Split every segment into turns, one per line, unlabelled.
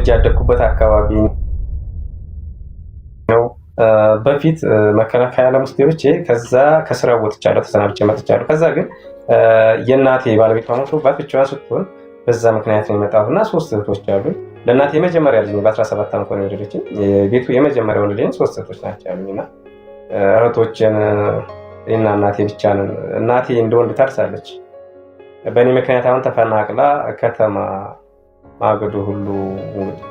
ተወልጄ ያደግኩበት አካባቢ ነው። በፊት መከላከያ ለሙስሊሞች ከዛ ከስራ ወጥቻለሁ፣ ተሰናብቼ መጥቻለሁ። ከዛ ግን የእናቴ ባለቤት ሞቶባት ብቻዋን ስትሆን በዛ ምክንያት ነው የመጣሁት እና ሶስት እህቶች አሉኝ። ለእናቴ የመጀመሪያ ልጅ በ17 ዓመት ነው የወለደችኝ። ቤቱ የመጀመሪያ ወንድ ልጅ ሶስት እህቶች ናቸው ያሉኝ እና እህቶችን እና እናቴ ብቻ ነን። እናቴ እንደወንድ ታርሳለች። በእኔ ምክንያት አሁን ተፈናቅላ ከተማ ማገዶ ሁሉ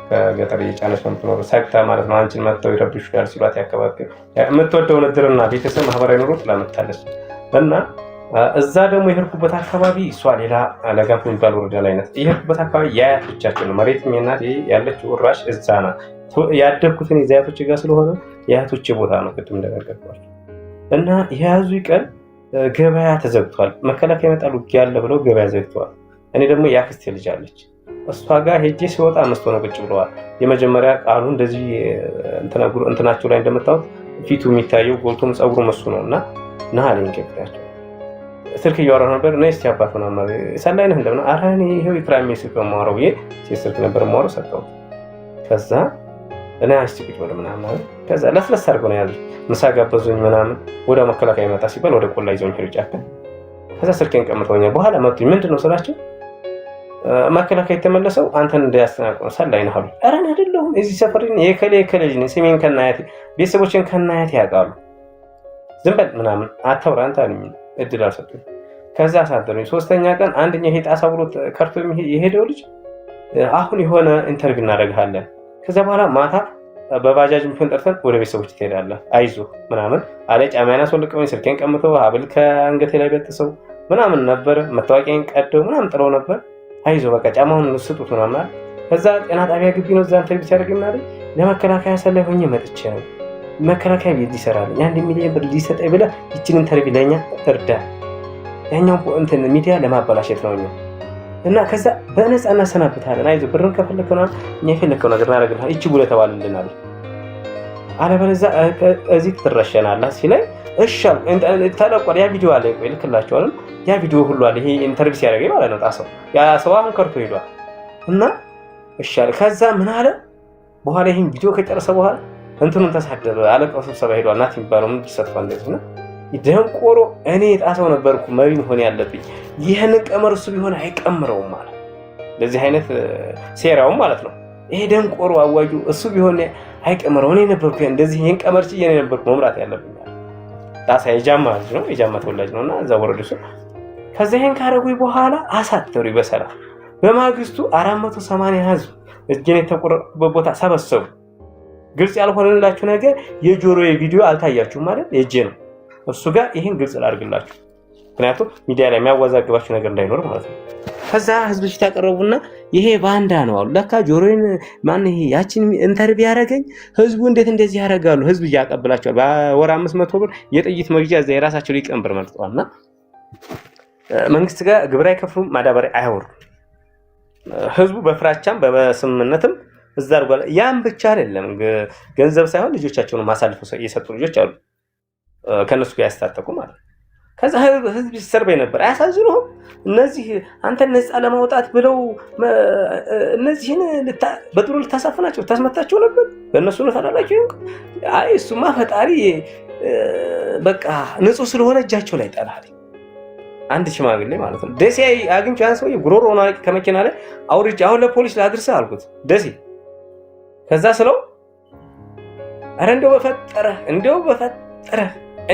ከገጠር እየጫነች ነው የምትኖረው፣ ሰግታ ማለት ነው። አንቺን መጥተው ይረብሹሻል ሲሏት ያከባቢ የምትወደውን እድርና ቤተሰብ ማህበራዊ ኑሮ ትላመታለች እና እዛ ደግሞ የሄድኩበት አካባቢ እሷ ሌላ ለጋንፎ የሚባል ወረዳ ላይ ናት። የሄድኩበት አካባቢ የአያቶቻችን ነው መሬት ናት ያለችው ራሽ እዛ ናት። ያደግኩትን የአያቶች ጋር ስለሆነ የአያቶች ቦታ ነው። ቅድም እንደነገርኳቸው እና የያዙ ቀን ገበያ ተዘግቷል። መከላከያ ይመጣል ውጊያ አለ ብለው ገበያ ዘግተዋል። እኔ ደግሞ የአክስቴ ልጅ አለች እሷ ጋር ሄጄ ሲወጣ አነስቶ ነው ቁጭ ብለዋል። የመጀመሪያ ቃሉ እንደዚህ እንትናቸው ላይ እንደምታዩት ፊቱ የሚታየው ጎልቶም ፀጉሩ መሱ ነው እና ና አለኝ ገብዳቸው ስልክ እያወራሁ ነበር። እና ስ አባት ሆና ሰላይ ነህ እንደምና ኧረ እኔ ይኸው የፕራይሜ ስልክ በማወራው ብዬ ሴት ስልክ ነበር የማወራው ሰጠው። ከዛ እኔ አንስቲ ቁጭ በል ምናምን ከዛ ለስለስ አድርገው ነው ያዙ። ምሳ ጋበዙኝ ምናምን ወደ መከላከያ ይመጣ ሲባል ወደ ቆላ ይዘውኝ ሄዱ። ጫካ ከዛ ስልኬን ቀምጠውኛል። በኋላ መጡኝ ምንድን ነው ስላቸው መከላከያ የተመለሰው አንተን እንዳያስተናግድ ነው። ሰላይ ነው አሉ። ኧረ እኔ አይደለሁም የዚህ ሰፈር የከሌ የከሌ ልጅ ነኝ። ስሜን ከናያቴ ቤተሰቦችን ከናያት ያውቃሉ። ዝም በል ምናምን አታውራ አንተ አሉኝ። እድል አልሰጡ። ከዛ አሳደሩኝ። ሶስተኛ ቀን አንደኛ ይሄ ጣሳ ብሎ ከርቶ የሄደው ልጅ አሁን የሆነ ኢንተርቪው እናደርግሃለን። ከዛ በኋላ ማታ በባጃጅ ምፍን ጠርተን ወደ ቤተሰቦች ትሄዳለህ፣ አይዞ ምናምን አለ። ጫማዬን አስወልቀውኝ፣ ስልኬን ቀምቶ ሀብል ከአንገቴ ላይ በጥሰው ምናምን ነበር። መታወቂያን ቀደው ምናምን ጥለው ነበር አይዞ በቃ ጫማውን ስጡት ምናምን አለ። ከዛ ጤና ጣቢያ ግቢ ነው እዛ ኢንተርቪው ሲያደርግ ምናለ ለመከላከያ ሰላይ ሆኜ መጥቼ ነው መከላከያ ቤት ሊሰራልኝ አንድ ሚሊዮን ብር ሊሰጠኝ ብለ ይችን ኢንተርቪው ለእኛ እርዳ ያኛው እንትን ሚዲያ ለማበላሸት ነው እኛ እና ከዛ በነፃ እናሰናብታለን። አይዞ ብርን ከፈለግከው እኛ የፈለግከው ነገር እናደርግልሃል። እጅጉ ለተባልልናል አለበለዚያ እዚህ ትረሸናለህ ሲለኝ እሻል ተለቆ ያ ቪዲዮ አለ ልክላቸዋል። ያ ቪዲዮ ሁሉ አለ። ይሄ ኢንተርቪው ሲያደርገኝ ማለት ነው። ጣሰው ያ ሰው አሁን ከርቶ ሄዷል። እና እሻል ከዛ ምን አለ በኋላ ይህን ቪዲዮ ከጨረሰ በኋላ እንትኑን ተሳደበ። አለቃው ስብሰባ ሄዷል። ናት የሚባለው ምን ይሰጥፋ እንደዚህ ነው ደንቆሮ። እኔ ጣሰው ነበርኩ መሪ መሆን ያለብኝ። ይህንን ቀመር እሱ ቢሆን አይቀምረውም ማለት ለዚህ አይነት ሴራውም ማለት ነው ይሄ ደንቆሮ አዋጁ እሱ ቢሆን አይቀመረው እኔ ነበርኩ እንደዚህ ይህን ቀመር ችዬ እኔ ነበርኩ መምራት ያለብኝ። ጣሳ የጃማ ልጅ ነው፣ የጃማ ተወላጅ ነው እና እዛ ወረዱ እሱ። ከዛ ይህን ካረጉኝ በኋላ አሳተሩ በሰላም በማግስቱ አራት መቶ ሰማንያ ህዝብ እጅን የተቆረጡበት ቦታ ሰበሰቡ። ግልጽ ያልሆነላችሁ ነገር የጆሮ ቪዲዮ አልታያችሁም ማለት የእጄ ነው። እሱ ጋር ይህን ግልጽ ላድርግላችሁ፣ ምክንያቱም ሚዲያ ላይ የሚያወዛግባችሁ ነገር እንዳይኖር ማለት ነው። ከዛ ህዝብ ፊት ያቀረቡና ይሄ ባንዳ ነው አሉ። ለካ ጆሮዬን ማን ይሄ ያችን ኢንተርቪው ያደረገኝ ህዝቡ እንዴት እንደዚህ ያደርጋሉ? ህዝብ እያቀብላቸዋል። በወር አምስት መቶ ብር የጥይት መግዣ እዛ የራሳቸው ሊቀንበር መልጠዋል። እና መንግስት ጋር ግብር አይከፍሉም፣ ማዳበሪያ አያወርዱም። ህዝቡ በፍራቻም በስምምነትም እዛ አድርጓል። ያም ብቻ አይደለም፣ ገንዘብ ሳይሆን ልጆቻቸውን ማሳልፈው የሰጡ ልጆች አሉ፣ ከእነሱ ጋር ያስታጠቁ ማለት ነው። ከዛ ህዝብ ሲሰርበኝ ነበር። አያሳዝኑም? እነዚህ አንተ ነፃ ለማውጣት ብለው እነዚህን በጥሩ ልታሳፍናቸው ልታስመታቸው ነበር። በእነሱ ነፈላላቸው። አይ እሱማ ፈጣሪ በቃ ንጹህ ስለሆነ እጃቸው ላይ ጠላል። አንድ ሽማግሌ ማለት ነው ደሴ አግኝቼ ያን ሰውዬ ጉሮሮ አውቄ ከመኪና ላይ አውርጄ አሁን ለፖሊስ ላድርሰህ አልኩት ደሴ። ከዛ ስለው ኧረ እንደው በፈጠረ እንደው በፈጠረ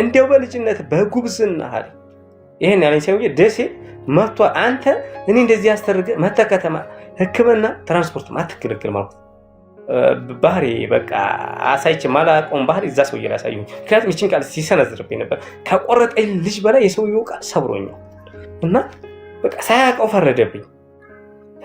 እንዲያው በልጅነት በጉብዝና ሀል ይሄን ያለኝ ሰውዬ ደሴ መቶ አንተ እኔ እንደዚህ ያስተርገ መተ ከተማ ህክምና ትራንስፖርት አትገለግል ማለት ባህሪ በቃ አሳይች ማላቆም ባህሪ እዛ ሰውዬ ላይ ያሳየኝ። ምክንያቱም ይችን ቃል ሲሰነዝርብኝ ነበር ከቆረጠኝ ልጅ በላይ የሰውየው ቃል ሰብሮኛል እና በቃ ሳያውቀው ፈረደብኝ።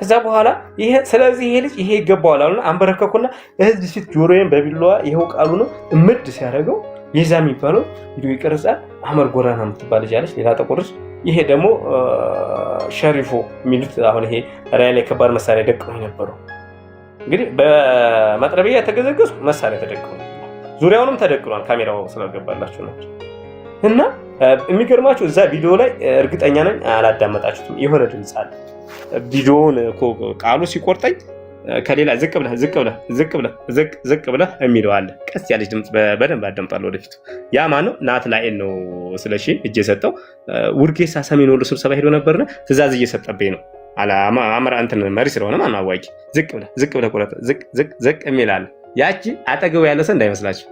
ከዛ በኋላ ይሄ ስለዚህ ይሄ ልጅ ይሄ ይገባዋል አሉና አንበረከኩና ህዝብ ፊት ጆሮዬን በቢላዋ ይኸው ቃሉ ነው እምድ ሲያደርገው ይዛ የሚባለው ቪዲዮ ይቀርጻ አህመድ ጎራና የምትባል ልጅ አለች። ሌላ ጥቁርች። ይሄ ደግሞ ሸሪፎ የሚሉት አሁን ይሄ ራያ ላይ ከባድ መሳሪያ ደቅሞ የነበረው እንግዲህ በመጥረቢያ የተገዘገዙ መሳሪያ ተደቅሞ ዙሪያውንም ተደቅሏል። ካሜራው ስላልገባላችሁ ናቸው እና የሚገርማችሁ እዛ ቪዲዮ ላይ እርግጠኛ ነኝ አላዳመጣችሁትም። የሆነ ድምፅ አለ ቪዲዮውን ቃሉ ሲቆርጠኝ ከሌላ ዝቅ ብለ ዝቅ ብለ ዝቅ ብለ ዝቅ ዝቅ ብለ የሚለው አለ። ቀስ ያለች ድምፅ በደንብ አዳምጣለሁ ወደፊቱ። ያ ማን ነው? ናትናኤል ነው ስለሺ እጅ የሰጠው ውርጌሳ ሰሜን ወሎ ስብሰባ ሄዶ ነበርና ትእዛዝ እየሰጠብኝ ነው አምራ እንትን መሪ ስለሆነ ማን አዋቂ ዝቅ ብለ ዝቅ ብለ ቁረጥ ዝቅ ዝቅ ዝቅ የሚል አለ። ያቺ አጠገቡ ያለ ሰው እንዳይመስላችሁ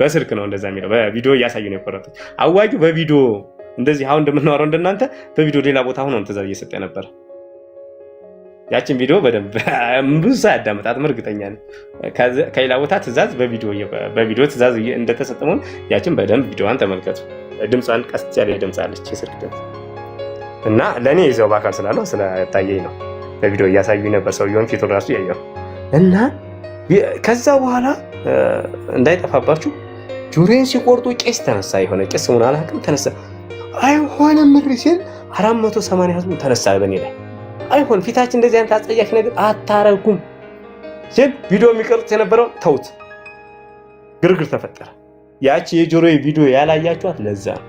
በስልክ ነው እንደዛ የሚለው በቪዲዮ እያሳዩ ነው የቆረጡት። አዋቂው በቪዲዮ እንደዚህ አሁን እንደምናወራው እንደናንተ በቪዲዮ ሌላ ቦታ ሆኖ ትእዛዝ እየሰጠ ነበር። ያችን ቪዲዮ በደንብ ብዙ ሰው ያዳመጣትም እርግጠኛ ነኝ። ከሌላ ቦታ ትዕዛዝ በቪዲዮ ትዕዛዝ እንደተሰጠመን ያችን በደንብ ቪዲዮዋን ተመልከቱ። ድምጿን ቀስት ያለ ድምፅ አለች፣ የስልክ ድምፅ እና ለእኔ ይዘው በአካል ስላለው ስለታየኝ ነው። በቪዲዮ እያሳዩ ነበር፣ ሰውየውን ፊቱን ራሱ ያየው እና ከዛ በኋላ እንዳይጠፋባችሁ ጆሮዬን ሲቆርጡ ቄስ ተነሳ። የሆነ ቄስ ሆን አላውቅም ተነሳ። አይሆንም ምሪ ሲል አራት መቶ ሰማንያ ህዝቡ ተነሳ በእኔ ላይ አይሆን ፊታችን እንደዚህ አይነት አጸያፊ ነገር አታረጉም ሲል ቪዲዮ የሚቀርጽ የነበረው ተውት፣ ግርግር ተፈጠረ። ያቺ የጆሮ ቪዲዮ ያላያችኋት ለዛ ነው።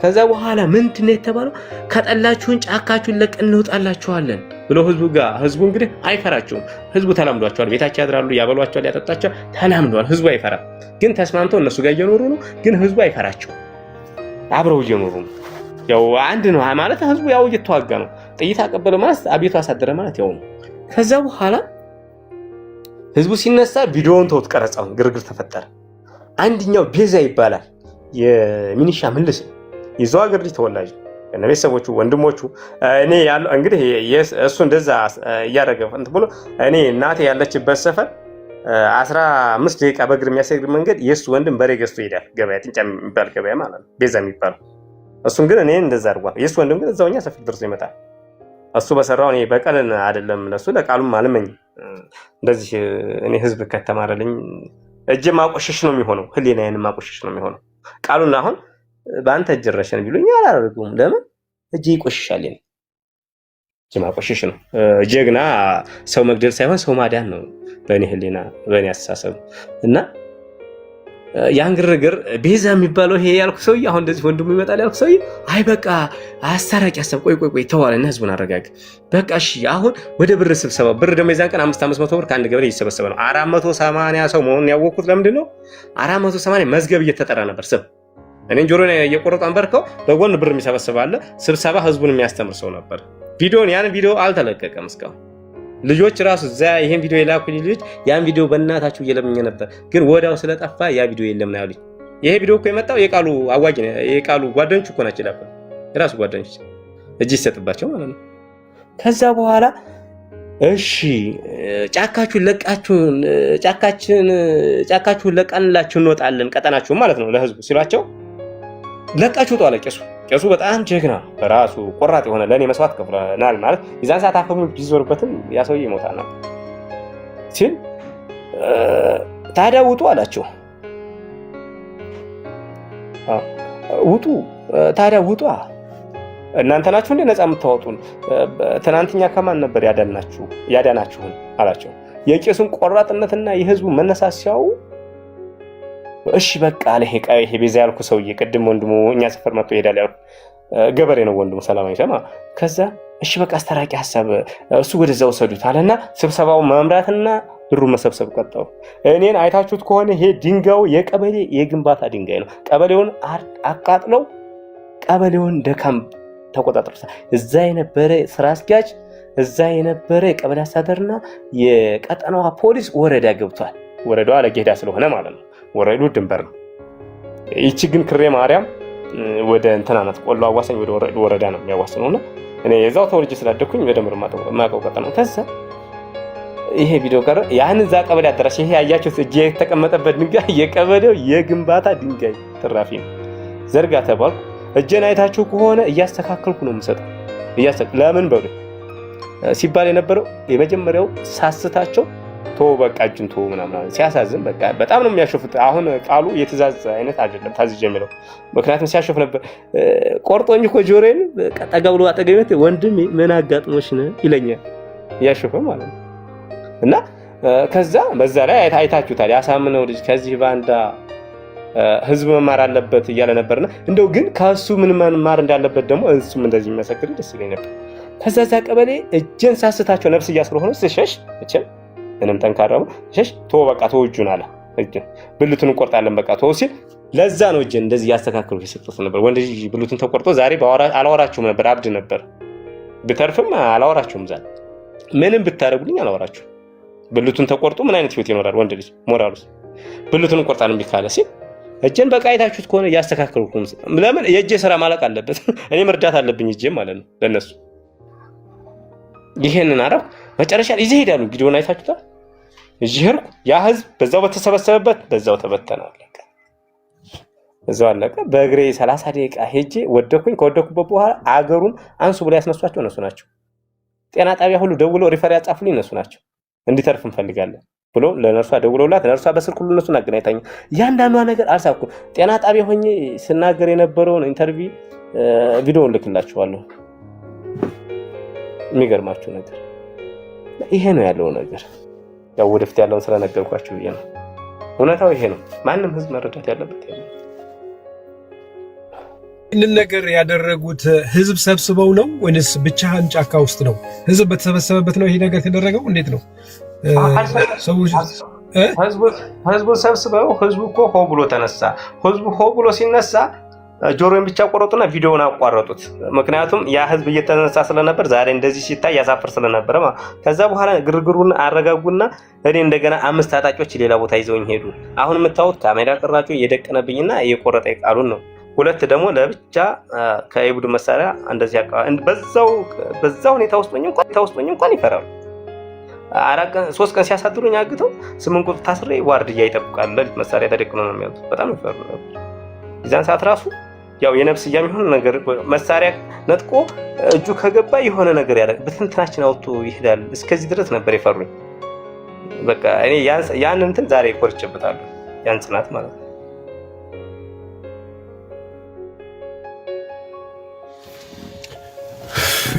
ከዛ በኋላ ምንድን ነው የተባለው? ከጠላችሁን ጫካችሁን ለቀን እንወጣላችኋለን ብሎ ህዝቡ ጋር ህዝቡ እንግዲህ አይፈራቸውም። ህዝቡ ተላምዷቸዋል። ቤታቸው ያድራሉ፣ ያበሏቸዋል፣ ያጠጣቸዋል። ተላምዷል። ህዝቡ አይፈራም። ግን ተስማምተው እነሱ ጋር እየኖሩ ነው። ግን ህዝቡ አይፈራቸውም። አብረው እየኖሩ ነው። ያው አንድ ነው ማለት ህዝቡ ያው እየተዋጋ ነው። ጥይት አቀበለ ማለት አቤቱ አሳደረ ማለት ያው ነው። ከዛ በኋላ ህዝቡ ሲነሳ ቪዲዮውን ተውት፣ ቀረጻውን፣ ግርግር ተፈጠረ። አንድኛው ቤዛ ይባላል የሚኒሻ ምልስ የዛው ሀገር ልጅ ተወላጅ እነ ቤተሰቦቹ ወንድሞቹ እኔ ያለው እንግዲህ እሱ እንደዛ እያደረገ እንትን ብሎ እኔ እናቴ ያለችበት ሰፈር አስራ አምስት ደቂቃ በእግር የሚያስገድ መንገድ የእሱ ወንድም በሬ ገዝቶ ይሄዳል። ገበያ ጥንጫ የሚባል ገበያ ማለት ነው ቤዛ የሚባለው እሱም ግን እኔ እንደዛ አድርጓል። የእሱ ወንድም ግን እዛውኛ ሰፈር ደርሶ ይመጣል። እሱ በሰራው እኔ በቀልን አይደለም ለሱ ለቃሉም አልመኝ እንደዚህ እኔ ህዝብ ከተማረልኝ እጅ ማቆሸሽ ነው የሚሆነው፣ ህሊናዬን ማቆሸሽ ነው የሚሆነው። ቃሉን አሁን በአንተ እጅ ረሸን ቢሉኝ አላደርገውም። ለምን እጅ ይቆሽሻል። እጅ ማቆሸሽ ነው። ጀግና ሰው መግደል ሳይሆን ሰው ማዳን ነው፣ በእኔ ህሊና፣ በእኔ አስተሳሰብ እና ያን ግርግር ቤዛ የሚባለው ይሄ ያልኩ ሰውዬ አሁን እንደዚህ ወንድሙ ይመጣል ያልኩ ሰውዬ አይ በቃ አስታራቂ ሀሳብ ቆይ ቆይ ቆይ ተዋልና ህዝቡን አረጋግ በቃ እሺ። አሁን ወደ ብር ስብሰባ ብር ደግሞ የዛን ቀን አምስት አምስት መቶ ብር ከአንድ ገበሬ እየተሰበሰበ ነው። አራት መቶ ሰማንያ ሰው መሆኑን ያወቅኩት ለምንድን ነው? አራት መቶ ሰማንያ መዝገብ እየተጠራ ነበር ስብ እኔን ጆሮ እየቆረጡ አንበርከው በጎን ብር የሚሰበስባለ ስብሰባ ህዝቡን የሚያስተምር ሰው ነበር። ቪዲዮን ያን ቪዲዮ አልተለቀቀም እስካሁን ልጆች ራሱ እዛ ይሄን ቪዲዮ የላኩኝ ልጆች ያን ቪዲዮ በእናታችሁ እየለምኘ ነበር፣ ግን ወዳው ስለጠፋ ያ ቪዲዮ የለም ነው ያሉኝ። ይሄ ቪዲዮ እኮ የመጣው የቃሉ አዋጅ ነው። የቃሉ ጓደኞች እኮ ናቸው የላኩኝ፣ የራሱ ጓደኞች እጅ ይሰጥባቸው ማለት ነው። ከዛ በኋላ እሺ ጫካችሁን ለቃችሁን ጫካችን ጫካችሁን ለቀንላችሁ እንወጣለን ቀጠናችሁን ማለት ነው ለህዝቡ ሲሏቸው ለቃችሁ ውጡ አለ ቄሱ በጣም ጀግና በራሱ ቆራጥ የሆነ ለእኔ መስዋዕት ከፍለናል ማለት የዛን ሰዓት አፈሙ ቢዞርበትም ያ ሰውዬ ይሞታል ሲል ታዲያ ውጡ አላቸው። ውጡ ታዲያ ውጡ እናንተ ናችሁ እንደ ነፃ የምታወጡን? ትናንትኛ ከማን ነበር ያዳናችሁን አላቸው። የቄሱን ቆራጥነትና የህዝቡ መነሳት ሲያዩ እሺ በቃ አለ ይሄ ቤዛ ያልኩ ሰውዬ ቅድም ወንድሙ እኛ ሰፈር መጥቶ ይሄዳል ያልኩ ገበሬ ነው ወንድሙ ሰላማዊ ሰማ ከዛ እሺ በቃ አስተራቂ ሀሳብ እሱ ወደዛ ውሰዱት አለና ስብሰባው መምራትና ብሩን መሰብሰብ ቀጠው። እኔን አይታችሁት ከሆነ ይሄ ድንጋዩ የቀበሌ የግንባታ ድንጋይ ነው። ቀበሌውን አቃጥለው ቀበሌውን ደካም ተቆጣጥሮታል። እዛ የነበረ ስራ አስኪያጅ፣ እዛ የነበረ የቀበሌ አስተዳደርና የቀጠናዋ ፖሊስ ወረዳ ገብቷል። ወረዳዋ ለጌዳ ስለሆነ ማለት ነው። ወረዱ ድንበር ነው። ይቺ ግን ክሬ ማርያም ወደ እንትና ናት፣ ቆሎ አዋሳኝ ወደ ወረዱ ወረዳ ነው የሚያዋስነው እና እኔ የዛው ተወልጄ ስላደኩኝ በደንብ የማውቀው ቀጠና ነው። ከዛ ይሄ ቪዲዮ ቀረ። ያን እዛ ቀበሌ አዳራሽ ይሄ ያያችሁት እጅ የተቀመጠበት ድንጋይ የቀበሌው የግንባታ ድንጋይ ትራፊ ነው። ዘርጋ ተባልኩ። እጄን አይታችሁ ከሆነ እያስተካከልኩ ነው የምሰጠው። ለምን በሉ ሲባል የነበረው የመጀመሪያው ሳስታቸው ቶ በቃ እጅን ቶ ምናምን ሲያሳዝን በቃ በጣም ነው የሚያሾፍት። አሁን ቃሉ የትእዛዝ አይነት አይደለም ታዝዤ የሚለው ምክንያቱም ሲያሾፍ ነበር። ቆርጦኝ እኮ ጆሮዬን ጠጋ ብሎ አጠገቤት ወንድም ምን አጋጥሞሽ ነው ይለኛል፣ እያሾፈ ማለት ነው። እና ከዛ በዛ ላይ አይታችሁታል። ያሳምነው ልጅ ከዚህ ባንዳ ህዝብ መማር አለበት እያለ ነበርና እንደው ግን ከእሱ ምን መማር እንዳለበት ደግሞ እሱም እንደዚህ የሚመሰክር ደስ ይለኝ ነበር። ከዛ እዛ ቀበሌ እጄን ሳስታቸው ነፍስ እያስለሆነ ስሸሽ ምንም ጠንካራ ሸሽ ቶ በቃ ቶ እጁን አለ ብልቱን እንቆርጣለን በቃ ቶ ሲል ለዛ ነው እጅ እንደዚህ ያስተካክሉ የሰጡት ነበር። ወንድ ልጅ ብልቱን ተቆርጦ ዛሬ አላወራችሁም ነበር፣ አብድ ነበር ብተርፍም አላወራችሁም። ዛ ምንም ብታደርጉልኝ አላወራችሁም። ብሉትን ተቆርጦ ምን አይነት ህይወት ይኖራል ወንድ ልጅ? ሞራሉ ብሉትን እንቆርጣለን ቢካለ ሲል እጄን በቃ አይታችሁት ከሆነ እያስተካከሉ ለምን የእጄ ስራ ማለቅ አለበት። እኔ መርዳት አለብኝ እጄም ማለት ነው ለነሱ ይሄንን አረብ መጨረሻ ላይ ይዘህ ሄዳሉ። ቪዲዮን አይታችሁታል። እዚህ ሄድኩ። ያ ህዝብ በዛው በተሰበሰበበት በዛው ተበተነ፣ አለቀ። እዛው አለቀ። በእግሬ 30 ደቂቃ ሄጄ ወደኩኝ። ከወደኩበት በኋላ አገሩን አንሱ ብሎ ያስነሷቸው እነሱ ናቸው። ጤና ጣቢያ ሁሉ ደውለው ሪፈር ያጻፉልኝ እነሱ ናቸው። እንዲተርፍ እንፈልጋለን ብሎ ለነርሷ ደውለውላት ለነርሷ በስልክ ሁሉ እነሱን አገናኝታኝ እያንዳንዷ ነገር አልሳኩም። ጤና ጣቢያ ሆኜ ስናገር የነበረውን ኢንተርቪው ቪዲዮውን ልክላችኋለሁ። የሚገርማችሁ ነገር ይሄ ነው ያለው ነገር። ያው ወደፊት ያለውን ስለነገርኳችሁ ብዬ ነው። እውነታው ይሄ ነው። ማንም ህዝብ መረዳት ያለበት ይህንን ነገር ያደረጉት ህዝብ ሰብስበው ነው ወይንስ ብቻህን ጫካ ውስጥ ነው? ህዝብ በተሰበሰበበት ነው ይሄ ነገር የተደረገው? እንዴት ነው ህዝቡ ሰብስበው? ህዝቡ እኮ ሆ ብሎ ተነሳ። ህዝቡ ሆ ብሎ ሲነሳ ጆሮን ብቻ ቆረጡና ቪዲዮውን አቋረጡት። ምክንያቱም ያ ህዝብ እየተነሳ ስለነበር ዛሬ እንደዚህ ሲታይ ያሳፍር ስለነበረ ከዛ በኋላ ግርግሩን አረጋጉና እኔ እንደገና አምስት ታጣቂዎች ሌላ ቦታ ይዘውኝ ሄዱ። አሁን የምታዩት ካሜራ ቅራጩ የደቀነብኝና የቆረጠ ቃሉን ነው። ሁለት ደግሞ ለብቻ ከኢቡድ መሳሪያ እንደዚህ አቀባል በዛው በዛ ሁኔታ ውስጥ ሆኜ እንኳን ታውስጥ ሆኜ እንኳን ይፈራሉ። አራት ሶስት ቀን ሲያሳድሩኝ አግተው ስምንት ቁጥር ታስሬ ዋርድያ ይጠብቃል። ለሊት መሳሪያ ተደቅኖ ነው የሚያዙት። በጣም ይፈሩ ነበር። የዛን ሰዓት ራሱ ያው የነፍስ የሆነ ነገር መሳሪያ ነጥቆ እጁ ከገባ የሆነ ነገር ያደርግ በትንትናችን አውጥቶ ይሄዳል። እስከዚህ ድረስ ነበር የፈሩኝ። በቃ እኔ ያን እንትን ዛሬ ኮርቼበታለሁ፣ ያን ጽናት ማለት ነው።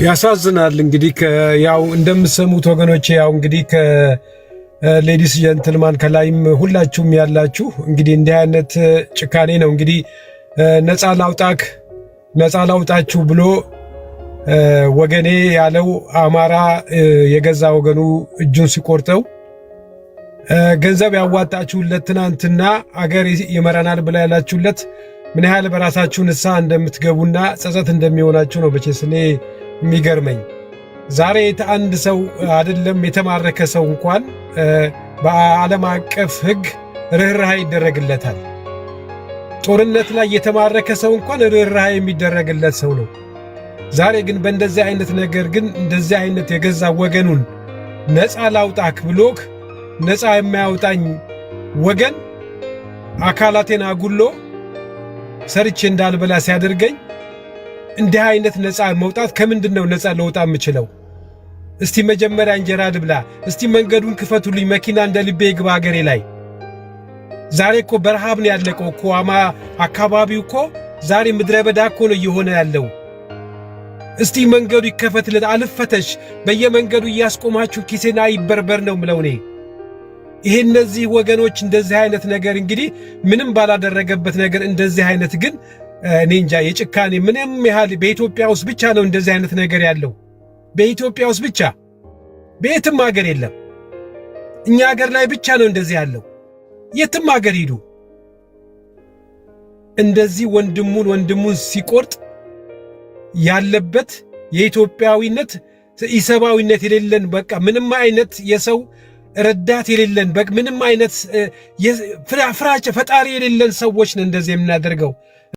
ያሳዝናል። እንግዲህ ያው እንደምሰሙት ወገኖቼ ያው እንግዲህ ሌዲስ ጀንትልማን ከላይም ሁላችሁም ያላችሁ እንግዲህ እንዲህ አይነት ጭካኔ ነው እንግዲህ ነፃ ላውጣክ ነፃ ላውጣችሁ ብሎ ወገኔ ያለው አማራ የገዛ ወገኑ እጁን ሲቆርጠው ገንዘብ ያዋጣችሁለት ትናንትና አገር ይመራናል ብላ ያላችሁለት ምን ያህል በራሳችሁ ንስሐ እንደምትገቡና ጸጸት እንደሚሆናችሁ ነው በቼስ እኔ የሚገርመኝ። ዛሬ አንድ ሰው አይደለም የተማረከ ሰው እንኳን በዓለም አቀፍ ሕግ ርኅራሃ ይደረግለታል። ጦርነት ላይ የተማረከ ሰው እንኳን ርኅራሃ የሚደረግለት ሰው ነው። ዛሬ ግን በእንደዚህ አይነት ነገር ግን እንደዚህ አይነት የገዛ ወገኑን ነፃ ላውጣክ ብሎክ ነፃ የማያውጣኝ ወገን አካላቴን አጉሎ ሰርቼ እንዳልበላ ሲያደርገኝ እንዲህ አይነት ነፃ መውጣት ከምንድን ነው ነፃ ለውጣ የምችለው? እስቲ መጀመሪያ እንጀራ ልብላ፣ እስቲ መንገዱን ክፈቱልኝ፣ መኪና እንደ ልቤ ይግባ አገሬ ላይ። ዛሬ እኮ በረሃብ ነው ያለቀው እኮ አማ አካባቢው እኮ ዛሬ ምድረ በዳ እኮ ነው እየሆነ ያለው። እስቲ መንገዱ ይከፈትለት፣ አልፈተሽ በየመንገዱ እያስቆማችሁ ኪሴና ይበርበር ነው ምለው እኔ። ይሄ እነዚህ ወገኖች እንደዚህ አይነት ነገር እንግዲህ ምንም ባላደረገበት ነገር እንደዚህ አይነት ግን እኔ እንጃ የጭካኔ ምንም ያህል በኢትዮጵያ ውስጥ ብቻ ነው እንደዚህ አይነት ነገር ያለው። በኢትዮጵያ ውስጥ ብቻ በየትም ሀገር የለም። እኛ ሀገር ላይ ብቻ ነው እንደዚህ ያለው። የትም ሀገር ሂዱ እንደዚህ ወንድሙን ወንድሙን ሲቆርጥ ያለበት የኢትዮጵያዊነት ኢሰብአዊነት የሌለን በቃ ምንም አይነት የሰው ረዳት የሌለን በቃ ምንም አይነት ፍራፍራጭ ፈጣሪ የሌለን ሰዎች ነው እንደዚህ የምናደርገው።